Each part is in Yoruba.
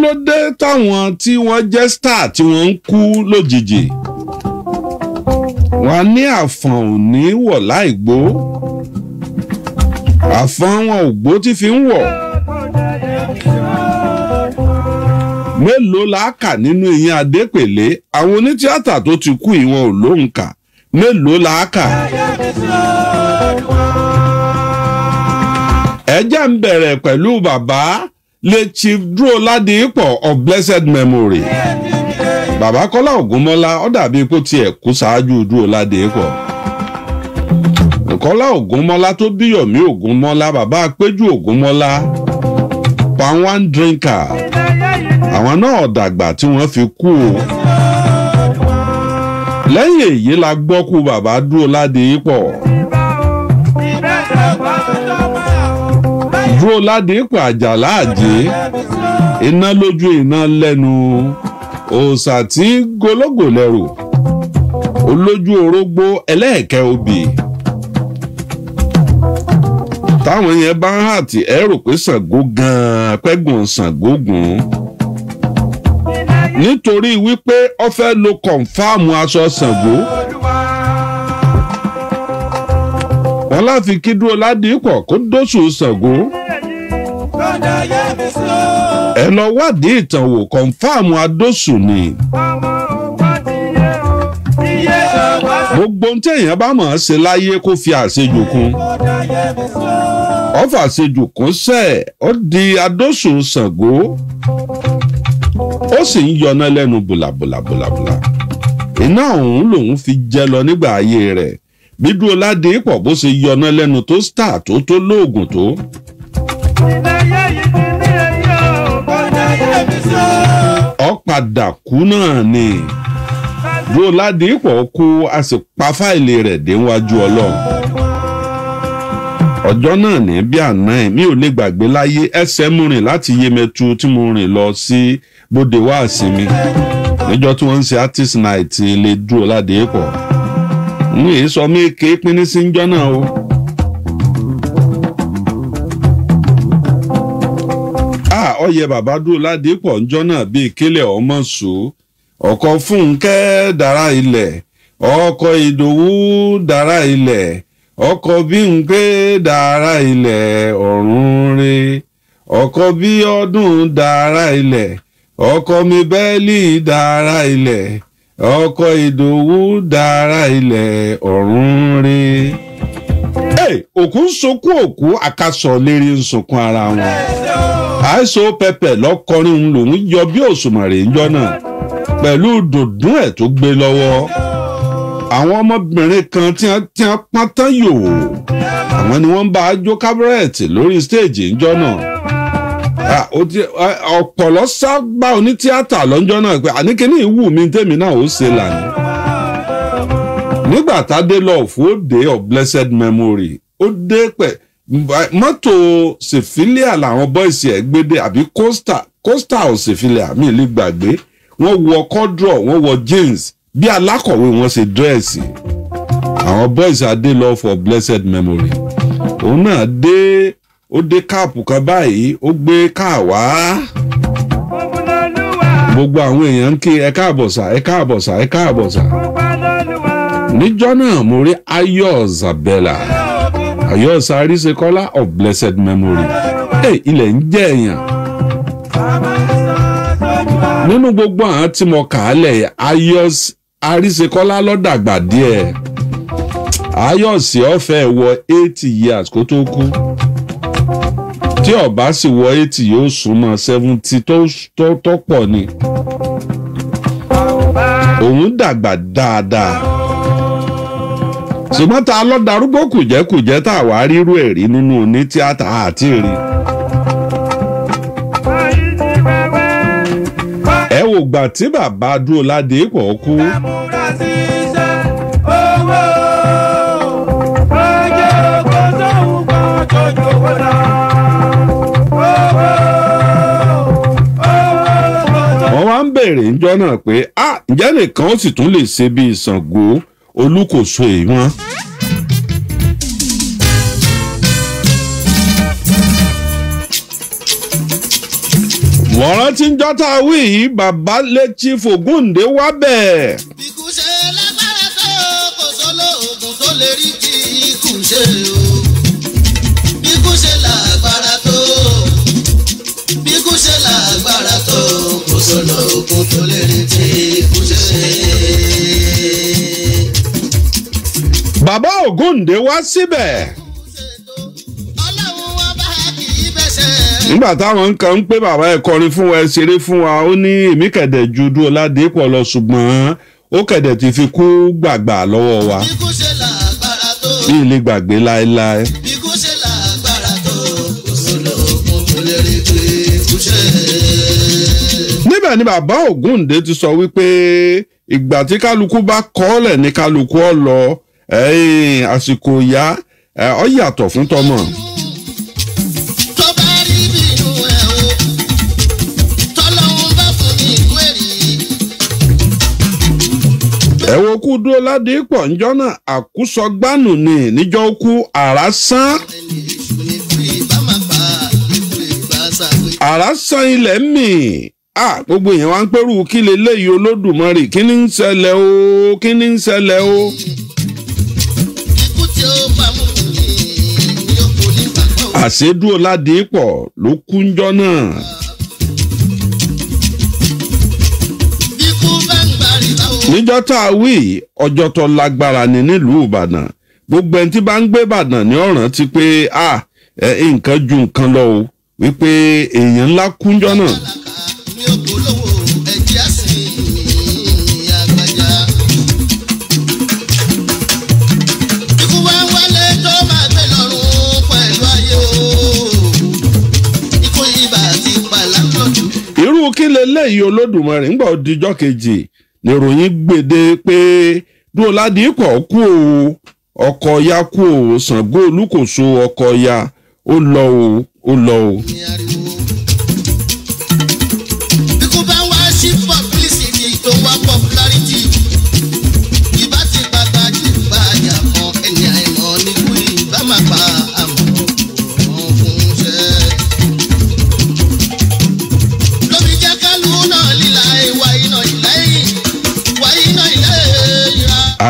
ló dé táwọn tí wọ́n jẹ́ star tí wọ́n ń kú lójijì wọ́n ní àfọ̀n ò ní wọ̀ láì gbó àfọ̀n wọn ò gbó tí fi ń wọ̀ mélòó la kà nínú ìyẹn adépèlé àwọn onítìátà tó ti kú ìwọ̀n ò lóhùn kà mélòó la kà. ẹjẹ́ ń bẹ̀rẹ̀ pẹ̀lú bàbá late chief dúró ládìípọ̀ of blessed memory bàbá kọ́lá ògúnmọ́lá ó dàbí kó tiẹ̀ kú ṣáájú dúró ládìípọ̀ kọ́lá ògúnmọ́lá tó bí yọ̀mí bàbá péjú ògúnmọ́lá pan one drinker àwọn náà dàgbà tí wọ́n fi kú o lẹ́yìn èyí la gbọ́ kú bàbá dúró ládìípọ̀. dúró ládínkù àjàlá àjé iná lójú iná lẹ́nu òòṣà tí gológò olójú orógbó ẹlẹ́ẹ̀kẹ́ obì táwọn yẹn bá ń hà tí ẹ rò pé Sàngó gan-an apẹ́gùn Sàngó gùn nítorí wípé ọ fẹ́ lo kọ̀ǹfàmù aṣọ Sàngó. wọn láfi kí dúró ládìíkọ̀ kó dóṣù Sàngó. kọ́dà yẹ mi sí o. ẹ lọ wádìí ìtàn wò kọ́ńfàmù adósùn ni. ọmọ wa ti yé o iye ọwọ́. gbogbo ohun tí èèyàn bá mọ̀ ṣe láyé kó fi àṣejù o. ọ̀fà àṣejù kún sẹ́ẹ̀ ó di adósùn Ṣàngó ó sì ń yọná lẹ́nu bùlàbùlàbùlàbùlà iná ọ̀hún lòun fi jẹ lọ nígbà ayé rẹ̀ bí Dúróládé pọ̀ bó ṣe yọná lẹ́nu tó star tó tó lóògùn tó ọ̀padà kú náà ni Bọ́ládìpọ̀ kú a sì pa fáìlì rẹ̀ déwájú Ọlọ́run ọjọ́ náà ní bí àná ẹ̀ mi ò lè gbàgbé láyé ẹsẹ̀ mo rìn láti Yemẹtu tí mo rìn lọ sí bóde wá àsinmi níjọ́ tí wọ́n ń ṣe artist night ilé dúró Ládìpọ̀ ń èso mi kéé pínín sí ń jọ́ náà o. ọyẹ bàbádúró ládépọ̀ njọ náà bi kílẹ̀ ọmọ sọ ọkọ̀ fúnkẹ́ dára ilẹ̀ ọkọ̀ ìdòwú dára ilẹ̀ ọkọ̀ bí nké dára ilẹ̀ ọ̀run re ọkọ̀ bí ọdún dára ilẹ̀ ọkọ̀ mi bẹ́ẹ̀lì dára ilẹ̀ ọkọ̀ ìdòwú dára ilẹ̀ ọ̀run re òkú ń sunkún òkú ara wọn. àìsàn pẹpẹ lọkọrin òun lòún yọ bí òṣùmàrè ń jọ náà pẹ̀lú dùndún ẹ̀ tó gbé lọ́wọ́ àwọn ọmọbìnrin kan tí wọ́n tí wọ́n pọ́n tán yòówó àwọn ni wọ́n ń bá a jó kábírẹ́ẹ̀tì lórí stéèjì ńjọ́ náà ọ̀pọ̀lọ́ sábà onítíátà lọ́njọ́ náà pé àníkíní ìwú mi tèmi náà ó ṣe lànà nígbà tá a dé lọ́ọ̀fù ó dé of blessed memory ó dé pẹ̀ mọ́tò sèfílíà làwọn bọ́ìsì ẹ̀ gbédè àbí costa costa ò sèfílíà mi lè gbàgbé wọ́n wọ kọ́drọ̀ wọ́n wọ jeans bí alákọ̀wé wọn ṣe dírẹ́ẹ̀sì àwọn bọ́ìsì adé lọ for blessed memory òun náà dé ó dé káàpù kan báyìí ó gbé káà wá gbogbo àwọn èèyàn ń kí ẹ káàbọ̀ sà ẹ káàbọ̀ sà ẹ káàbọ̀ sà níjọ́ náà mo rí ayọ̀ zabella àyọ̀sà àríṣekọ́lá of blessed memory hey, ilẹ̀ ń jẹ́ èèyàn. nínú gbogbo àwọn tí mo kà á lẹ̀ ayọ̀s àríṣekọ́lá ló dàgbà díẹ̀ ayọ̀sì ọ̀fẹ́ wọ eighty years kó tó kú tí ọba sì wọ eighty yóò súnmọ́ seventy tó pọ̀ ni òun dàgbà dáadáa ṣùgbọ́n ta ló darúgbó kùjẹ́kùjẹ́ tá a wá rírú ẹ̀ nínú oní tíátà àti rí. ẹ wò gbà tí bàbá dúró ládé pọ̀ kú. wọ́n wá ń bèèrè ńjọ́ náà pé ah, ǹjẹ́ nìkan ó sì tún lè ṣe bíi Ṣàngó olùkóso ìwọ̀n. wọ́n ti ń wí bàbá létí fògúndé wá bẹ́ẹ̀. ikú lágbára tó kò sólò oògùn tó lè rí kí ikú o. ikú lágbára tó ikú lágbára tó kò sólò oògùn tó lè rí kí ikú ṣe. bàbá Ògúndé wá síbẹ̀. nígbà táwọn nǹkan ń pé bàbá ẹ̀ kọrin fún wa ẹ̀ ṣeré fún wa ó ní èmi kẹ̀dẹ̀ ju Dúọládé pọ̀ lọ ṣùgbọ́n ó kẹ̀dẹ̀ ti fi kú gbàgbà lọ́wọ́ wa bí ilé gbàgbé láéláé. níbẹ̀ ni bàbá Ògúndé ti sọ wípé ìgbà tí kálukú bá kọ́ọ̀lẹ̀ ní kálukú ọ̀ lọ àsìkò ìyá ọ yàtọ̀ fún tọmọ. ẹ̀wọ̀n kú dúró ládé pọ̀ níjọ́ náà àkúsọgbánù ni níjọ́ kú àrá sán. àrá sán ilẹ̀ mì á gbogbo èèyàn wá ń pẹ́rù kí lélẹ́yìí olódùmarè kí ni ń ṣẹlẹ̀ o kí ni ń ṣẹlẹ̀ o. àṣedú ọ̀làdìpọ̀ ló kú náà. níjọ́ tá a wí ọjọ́ tó lágbára ni nílùú ìbàdàn gbogbo ẹni tí bá ń gbé ìbàdàn ní ọ̀ràn ti pé a ah, nǹkan ju nǹkan lọ o wípé èèyàn ńlá kú náà. irú kí leléyìí olódùmarè ńgbà òdìjọ́ kejì níròyìn gbèdé pé dúró kú ya kú o Ṣàngó Olúkòso ọkọ̀ ya ó lọ o o.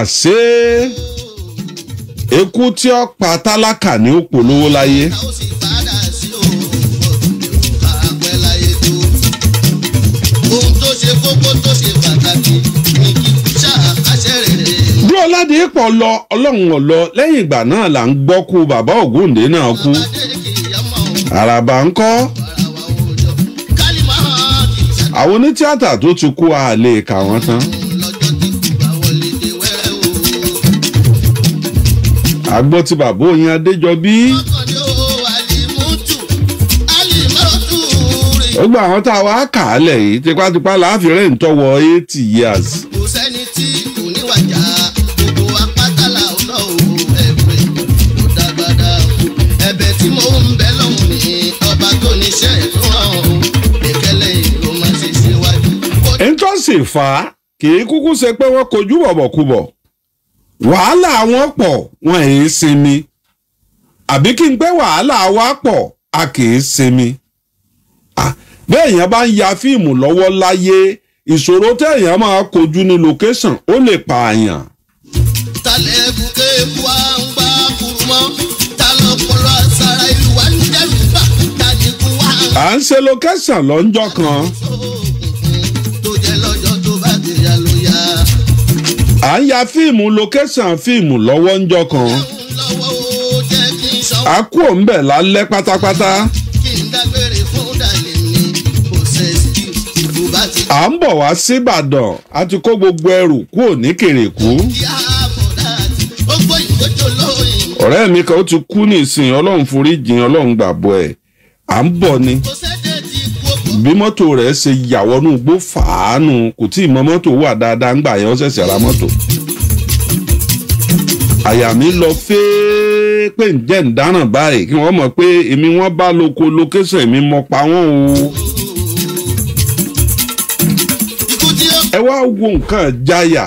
àṣé ekú tí ó pa tálákà ní ó polówó láyé. bí ọládìípọ̀ lọ ọlọ́run ọ̀lọ́ lẹ́yìn ìgbà náà là ń gbọ́ kú bàbá ògúndé náà kú àràbà ń kọ́ àwọn onítíátà tó ti kú a kà wọ́n tán. àgbọ̀ ti bàbá òyìn Adéjọbí. ó gba àwọn tá a wá kà á lẹ̀ yìí tipátipá láàfin rẹ̀ ń tọwọ́ eighty years. kò fà á kì í kúkú ṣe pé wọ́n kojú bọ̀bọ̀kúbọ̀ wàhálà wọn pọ̀ wọn èé sinmi àbí kí n pé wàhálà wa pọ̀ a kìí sinmi bẹ́ẹ̀ yẹn bá ń ya fíìmù lọ́wọ́ láyé ìṣòro téèyàn máa kojú ní location ó lè pààyàn. ìtàlẹ̀ èbúté wa ń gba kùrùmọ́ ta ló pọ̀lọ́ sára ìlú wa ní dẹ́rù bá ní kú wa. à ń ṣe location lọ́njọ́ kan. à ń ya fíìmù location fíìmù lọ́wọ́ ńjọ kan a kú òǹbẹ̀ lálẹ́ pátápátá à ń bọ̀ wá síbàdàn a ti kó gbogbo ẹrù kúò ní kèrèkú ọ̀rẹ́ mi kan ó ti kú nísìnyí ọlọ́run foríjìn ọlọ́run gbàgbọ́ ẹ̀ à ń bọ̀ ni. Kose bí mọ́tò rẹ̀ ṣe yàwọ́nú gbó fàánù kò tí ì mọ mọ́tò wà dáadáa ń gbà yẹn ó ṣẹ̀ṣẹ̀ ra mọ́tò. àyà mi lọ fẹ́ẹ́ pé ǹjẹ́ ń dáràn báyìí kí wọ́n mọ̀ pé èmi wọ́n bá loko location èmi mọ̀ pa wọ́n o. ẹ wá wo nǹkan jáyà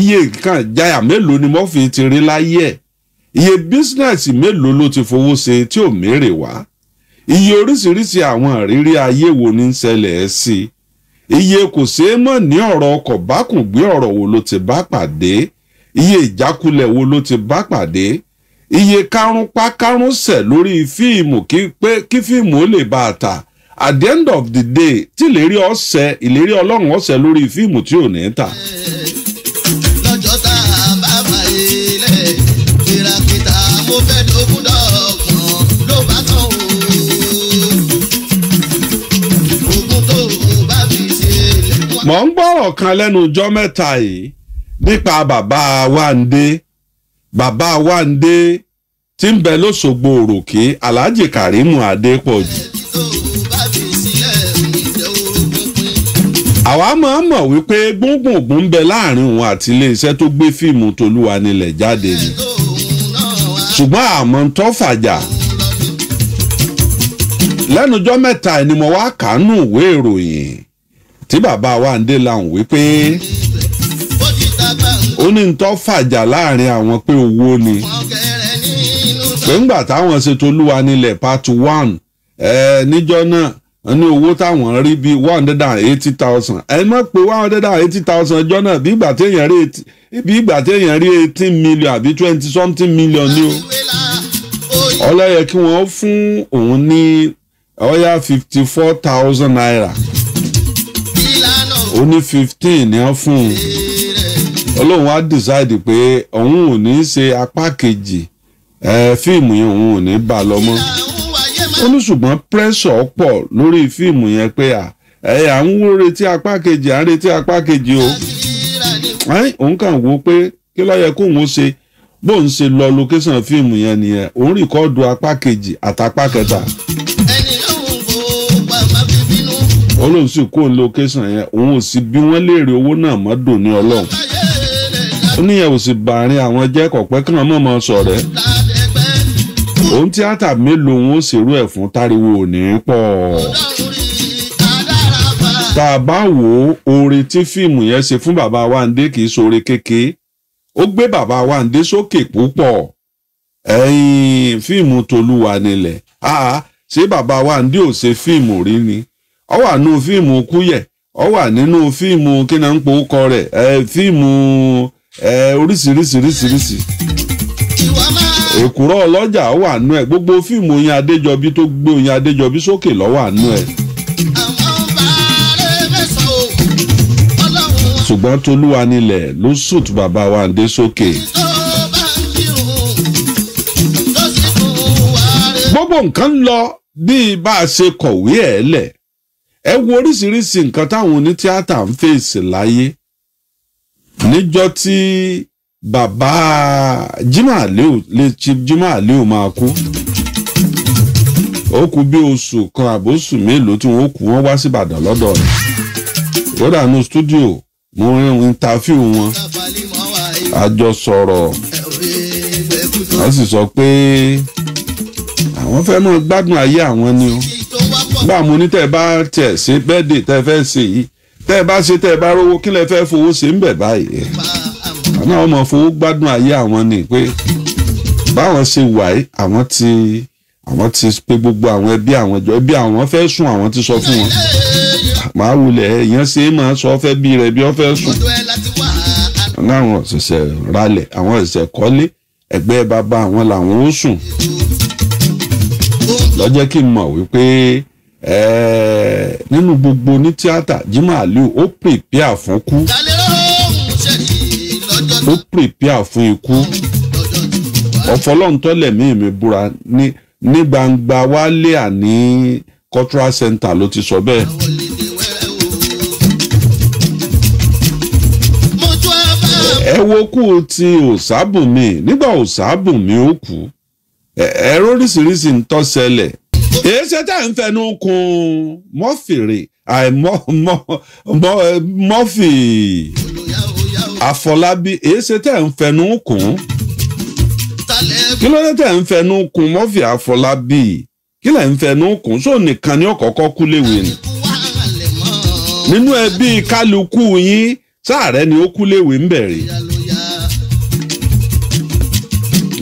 iye nǹkan jáyà mélòó ni Murphy ti rí láyé ẹ̀ iye bísínẹ́sì mélòó ló ti fowó ṣe tí ò mérè wá iye oríṣiríṣi àwọn ìrírí ayé wo ní ń ṣẹlẹ̀ sí i iye kò ṣeé mọ̀ ní ọ̀rọ̀ ọkọ̀ bákùngbé ọ̀rọ̀ wo ló ti bá pàdé iye ìjákulẹ̀ wo ló ti bá pàdé iye kárúnpá kárúnṣẹ̀ lórí fíìmù kí pé kí fíìmù ó lè bá a tà at the end of the day tí ìlérí ọ̀sẹ̀ ìlérí ọlọ́run ọ̀sẹ̀ lórí fíìmù tí ò ní tà. Yeah. mọ̀ ń gbọ́rọ̀ kan lẹ́nu ọjọ́ mẹ́ta yìí nípa bàbá Wándé bàbá Wándé tí ń bẹ lóṣogbo òròkè Alhaji Karimu Adépọ̀jù. àwa máa mọ̀ wípé gbóngbòngbò ń bẹ láàrin òun àti iléeṣẹ́ tó gbé fíìmù tolúwa nílẹ̀ jáde ni ṣùgbọ́n àmọ́ ń tọ́ fàjà lẹ́nujọ́ mẹ́ta ni mo wá kàánú ìwé ìròyìn tí bàbá wa ń dé làwọn wípé ó ní ntọ́ fàjà láàrin àwọn pé owó ni pé ńgbà táwọn ṣètò olúwa nílẹ̀ part one ẹ níjọ́ náà ní owó táwọn rí bíi one hundred and eighty thousand ẹ mọ̀ pé one hundred and eighty thousand ọjọ́ náà bí ìgbà téèyàn rí bí ìgbà téèyàn rí eighteen million àbí twenty something million ni o ọlọ́yẹ kí wọ́n fún òun ní ọ̀yà fifty four thousand naira ó ní fifteen ní wọ́n fún un ọlọ́run á decide pé òun ò ní ṣe apá kejì fíìmù yẹn òun ò ní bà lọ mọ́ ó ní ṣùgbọ́n pressure pọ̀ lórí fíìmù yẹn pé à ń wó retí apá kejì à ń retí apá kejì o òun kàn wò pé kí ló yẹ kóun ó ṣe bóun ṣe lọ location fíìmù yẹn nìyẹn òun rìkọ́ọ̀dù apá kejì àtàpá kẹta ọlọ́run sì kó location yẹn òun ò sì bí wọ́n léèrè owó náà mọ́ dùn ní ọlọ́run ó níyẹn ò sì bàárín àwọn jẹ́ kọ̀pẹ́ kí wọ́n mọ̀ mọ́ sọ̀rẹ́ òun tíátà mélòó òun ó ṣèrú ẹ̀ fún táriwo ò ní pọ̀ tá a bá wò ó oore tí fíìmù yẹn ṣe fún bàbá Wándé kì í ṣoore kékeré ó gbé bàbá Wándé sókè púpọ̀ ẹ̀yìn fíìmù Tolúwa nílẹ̀ ṣé bàbá Wándé ò ṣe fíìmù rí ni. ọ wà nù fíìmù kúyẹ̀ ọ wà nínú fíìmù kí náà ń po ọkọ rẹ̀ fíìmù oríṣiríṣiríṣiríṣi èkùrọ́ ọlọ́jà ọ wà nù ẹ̀ gbogbo fíìmù Oyin Adéjọbí tó gbé Oyin Adéjọbí sókè ló wà nínú ẹ̀. ṣùgbọ́n tolúwa nílẹ̀ ló sùt bàbá wa ń dé sókè. gbogbo nǹkan lọ bí bá a ṣe kọ̀wé ẹ̀ lẹ̀. ẹ wo oríṣiríṣi nǹkan táwọn onítíátà ń fèsì láyé níjọ́ tí bàbá Jimoh Aliu lè Chief Jimoh Aliu máa kú ó kú bí oṣù kan àbóṣù mélòó tí wọ́n kú wọ́n wá sí Ìbàdàn lọ́dọ̀ rẹ̀ kódà ní stúdíò mo rin ìntàfíù wọn àjọ sọ̀rọ̀ wọ́n sì sọ pé àwọn fẹ́ mọ́ gbádùn ayé àwọn ni o bá a mú ní tẹ́ ẹ bá tiẹ̀ ṣe bẹ́ẹ̀dì tẹ́ ẹ fẹ́ ṣe yìí tẹ́ ẹ bá ṣe tẹ́ ẹ bá rówó kí lẹ fẹ́ fowó ṣe ń bẹ̀ báyìí àwọn ọmọ fowó gbádùn ayé àwọn ni pé báwọn ṣe wà yìí àwọn ti àwọn ti pé gbogbo àwọn ẹbí àwọn ẹjọ ẹbí àwọn fẹ́ sùn àwọn ti sọ fún wọn màá wulẹ̀ èèyàn ṣe é máa sọ fẹ́ bí rẹ̀ bí wọ́n fẹ́ sùn láwọn ọ̀sẹ̀sẹ̀ ralẹ̀ àwọn ọ̀sẹ̀sẹ̀ kọ́lé ẹgbẹ́ bàbá àwọn làwọn ó sùn lọ́jọ́ kí n mọ̀ wípé nínú gbogbo ní tíátà Jimoh Aliu ó prepare fún kú ó fún ikú ọ̀fọlọ́ntọ́lẹ̀ mi mi búra ní ní gbangba wálé àní cultural center ló ti sọ bẹ́ẹ̀. ẹ wo kú ti òsábùnmí nígbà òsábùnmí ó kú ẹ róríṣiríṣi ń tó ṣẹlẹ̀ èéṣe tá à ń fẹnu kun mọ́fìrì àìmọ́fì àfọlábí èéṣe tá à ń fẹnu kun kí ló dé tá à ń fẹnu kun mọ́fì àfọlábí kí lẹ̀ ń fẹnu kun sóò nìkan ni ọ̀kọ̀ọ̀kọ̀ kú léwe ni nínú ẹbí kálukú yín sáàrẹ́ ni ó kú léwe ń bẹ̀rẹ̀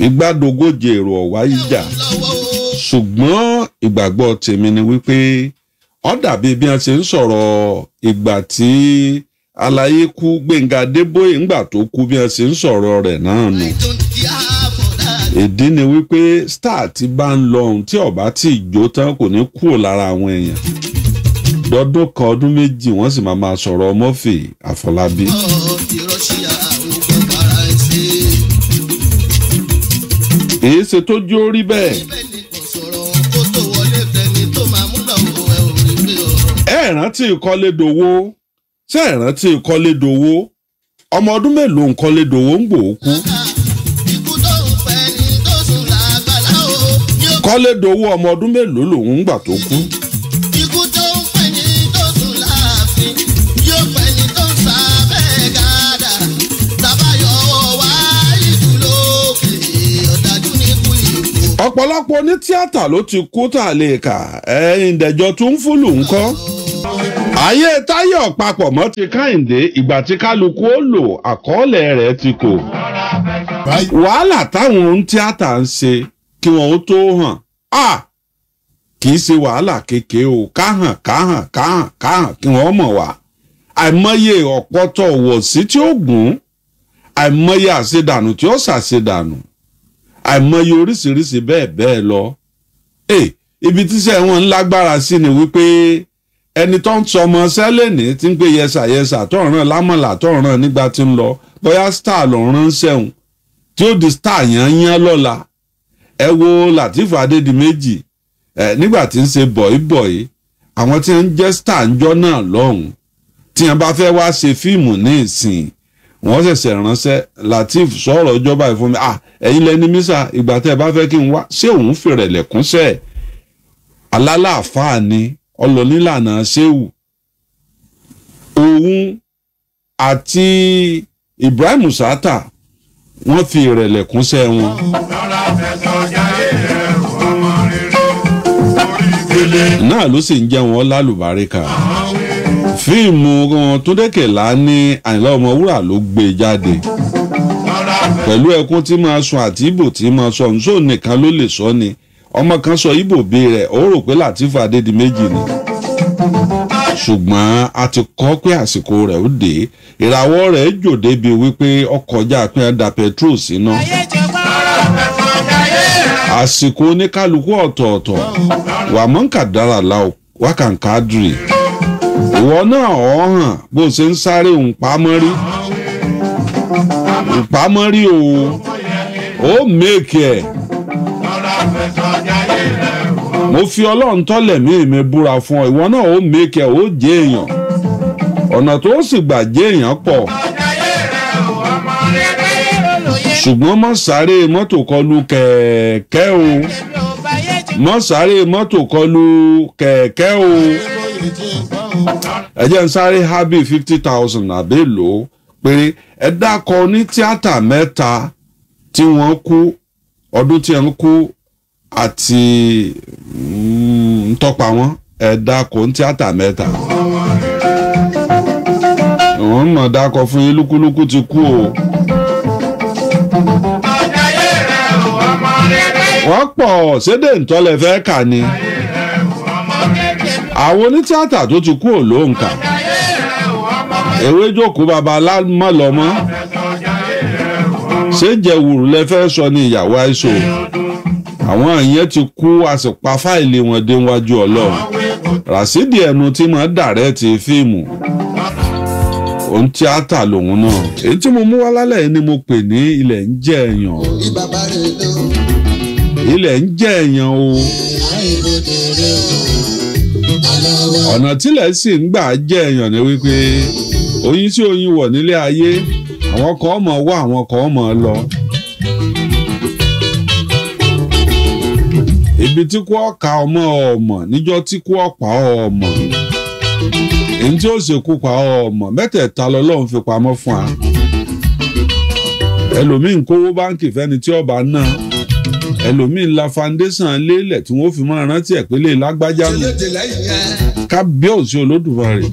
ìgbàdógóje èrò ọ̀wá yíjà ṣùgbọ́n ìgbàgbọ́ tèmi ni wípé wọ́n dàbí bí wọ́n ṣe ń sọ̀rọ̀ ìgbà tí aláyé kú Gbẹ̀ngà Adébóyè ńgbà tó kú bí wọ́n ṣe ń sọ̀rọ̀ rẹ̀ náà nù. ìdí ni wípé star ti bá ń lọ ohun tí ọba tí ìjó tán kò ní kúrò lára àwọn èèyàn dọdún kan ọdún méjì wọ́n sì máa máa sọ̀rọ̀ Murphy Àfọlábí. èyí ṣe tó jó rí bẹ́ẹ̀. ẹ̀ rántí Kọ́lédowó ṣé ẹ̀ rántí Kọ́lédowó ọmọ ọdún mélòó Kọ́lédowó ń gbòó kú. Kọ́lédowó ọmọ ọdún mélòó lòun gbà tó kú. ọ̀pọ̀lọpọ̀ onítíátà ló ti kú tà lè kà ẹ̀ ǹdẹ̀jọ́ tó ń fún lòun kọ́ ayé táyọ̀ papọ̀ mọ́ ti káyìndé ìgbà tí kálukú ó lò àkọọ́lẹ̀ rẹ̀ ti kò. wàhálà táwọn ohun tíátà ń ṣe kí wọn ó tó hàn á kì í ṣe wàhálà kékeré o káhàn káhàn káhàn káhàn kí wọn mọ̀ wá. àìmọye ọ̀pọ̀tọ̀ wọ̀sí tí ó gùn àìmọye àṣedànù tí ó ṣàṣedànù àìmọye oríṣiríṣi bẹ́ẹ̀ bẹ́ẹ̀ lọ. ibi tíṣẹ́ wọn ń lágbára sí ni wípé ẹni tó ń sọmọ sẹ́lẹ̀nì tí ń pè yẹsà yẹsà tó ń ràn lámọ̀là tó ń ràn nígbà tí ń lọ bóyá star ló ń rán sẹ́hùn tí ó di star yán yán lọ́la ẹ wo Lateef Adédìméjì ẹ nígbà tí ń ṣe bọ̀ìbọ̀ì àwọn tí ń jẹ́ star ń jọ náà lọ́hùn tí wọ́n bá fẹ́ wá ṣe fíìmù ní ìsìn wọ́n ṣẹ̀ṣẹ̀ ránṣẹ́ Lateef sọ̀rọ̀ ìjọba ìfún mi ah ẹ̀yin lẹni mísà ìgbà tẹ́ ẹ bá fẹ́ kí n wá ṣé òun fèrè lẹ̀kúnṣẹ́ alálàáfáà ni ọlọ́nílànà ṣéwù òun àti Ibrahim Sata wọ́n fi ìrẹ̀lẹ̀ kúnṣẹ́ wọn. náà ló sì ń jẹ́ wọn lálùbáríkà fíìmù Túndé Kèlání Àyìnlá Ọmọwúrà ló gbé jáde pẹ̀lú ẹkún tí máa sọ àti ibò tí máa sọ nsọ nìkan ló lè sọ ni. So ọmọ kan sọ ibo bí rẹ̀ ó rò pé Lateef Adédìméjì ni ṣùgbọ́n a ti kọ́ pé àsìkò rẹ̀ ó dé ìràwọ̀ rẹ̀ jò débi wípé ọkọ̀ ọjà pín ẹ̀dà petrol síná àsìkò oníkálukú ọ̀tọ̀ọ̀tọ̀ wà mọ́ńkàdára la wákàǹkàdùrì ìwọ náà ọ̀ hàn bó ṣe ń sáré ǹpamọ́rí ǹpamọ́rí o ó mèkì ẹ̀ mo fi ọlọ́run tọ́lẹ̀ mí mi búra fún ọ ìwọ náà ó mèkẹ́ ó jẹ́ èèyàn ọ̀nà tó sì gbà jẹ́ èèyàn pọ̀ ṣùgbọ́n mọ́ sáré mọ́tò kọlu kẹ̀kẹ́ o mọ́ sáré mọ́tò kọlu kẹ̀kẹ́ o ẹ n sáré hábì fifty thousand àbí lò ó péré ẹ dákọ ní tíátà mẹ́ta tí wọ́n kú ọdún tí wọ́n kú àti ntọ́pa mm, wọn ẹ̀dá kò ń tíátà mẹ́ta wọ́n mọ̀ dákọ fún yín lúkúlúkú ti kú o. wọ́n pọ̀ sédè ntọ́lẹ̀ fẹ́ kà ni àwọn onítíátà tó ti kú ò ló ń kà ewé jókòó baba lámọ̀lọ́mọ́ ṣé jẹ̀wùrù lẹ fẹ́ sọ ní ìyàwó àìsàn àwọn èèyàn ti kú a sì pa fáìlì wọn dé wájú Rasidi ẹnu tí mo dàrẹ́ ti fíìmù òun tíátà lòun náà èyí tí mo mú wá lálẹ́ ni mo pè ní ilẹ̀ ń jẹ́ èèyàn ilẹ̀ ń jẹ́ èèyàn o ọ̀nà tílẹ̀ sì ń gbà jẹ́ èèyàn ni wípé oyin tí oyin wọ̀ nílé ayé àwọn kan mọ̀ wá àwọn kan mọ̀ lọ. ibi tí kú ọ̀ka ọmọ ọmọ níjọ́ tí kú ọ̀pá ọmọ èyí tí ó ṣekú pa ọmọ mẹ́tẹ̀ẹ̀ta lọ́lọ́run fi pamọ́ fún wa ẹlòmíín kówó báǹkì fẹ́ni tí ọba náà ẹlòmíín la foundation lélẹ̀ tí wọ́n fi máa rántí ẹ̀ lágbájá nù kábíyèsí olódùmarè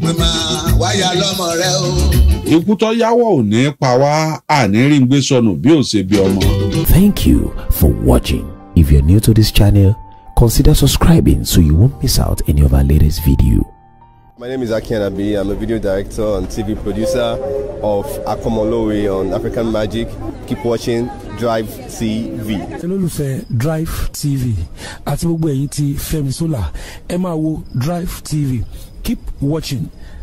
ikú tó yáwọ̀ ò ní pa wá àníríngbé bí ó ṣe bí ọmọ. Thank you for watching. If you're new to this channel consider subscribing so you won't miss out any of our latest video. My name is Aki Anabi. I'm a video director and TV producer of Akomolowe on African Magic. Keep watching Drive TV. Hello, Drive TV àti gbogbo ẹ̀yin ti Fẹ́mi Sola wo Drive TV. Keep watching.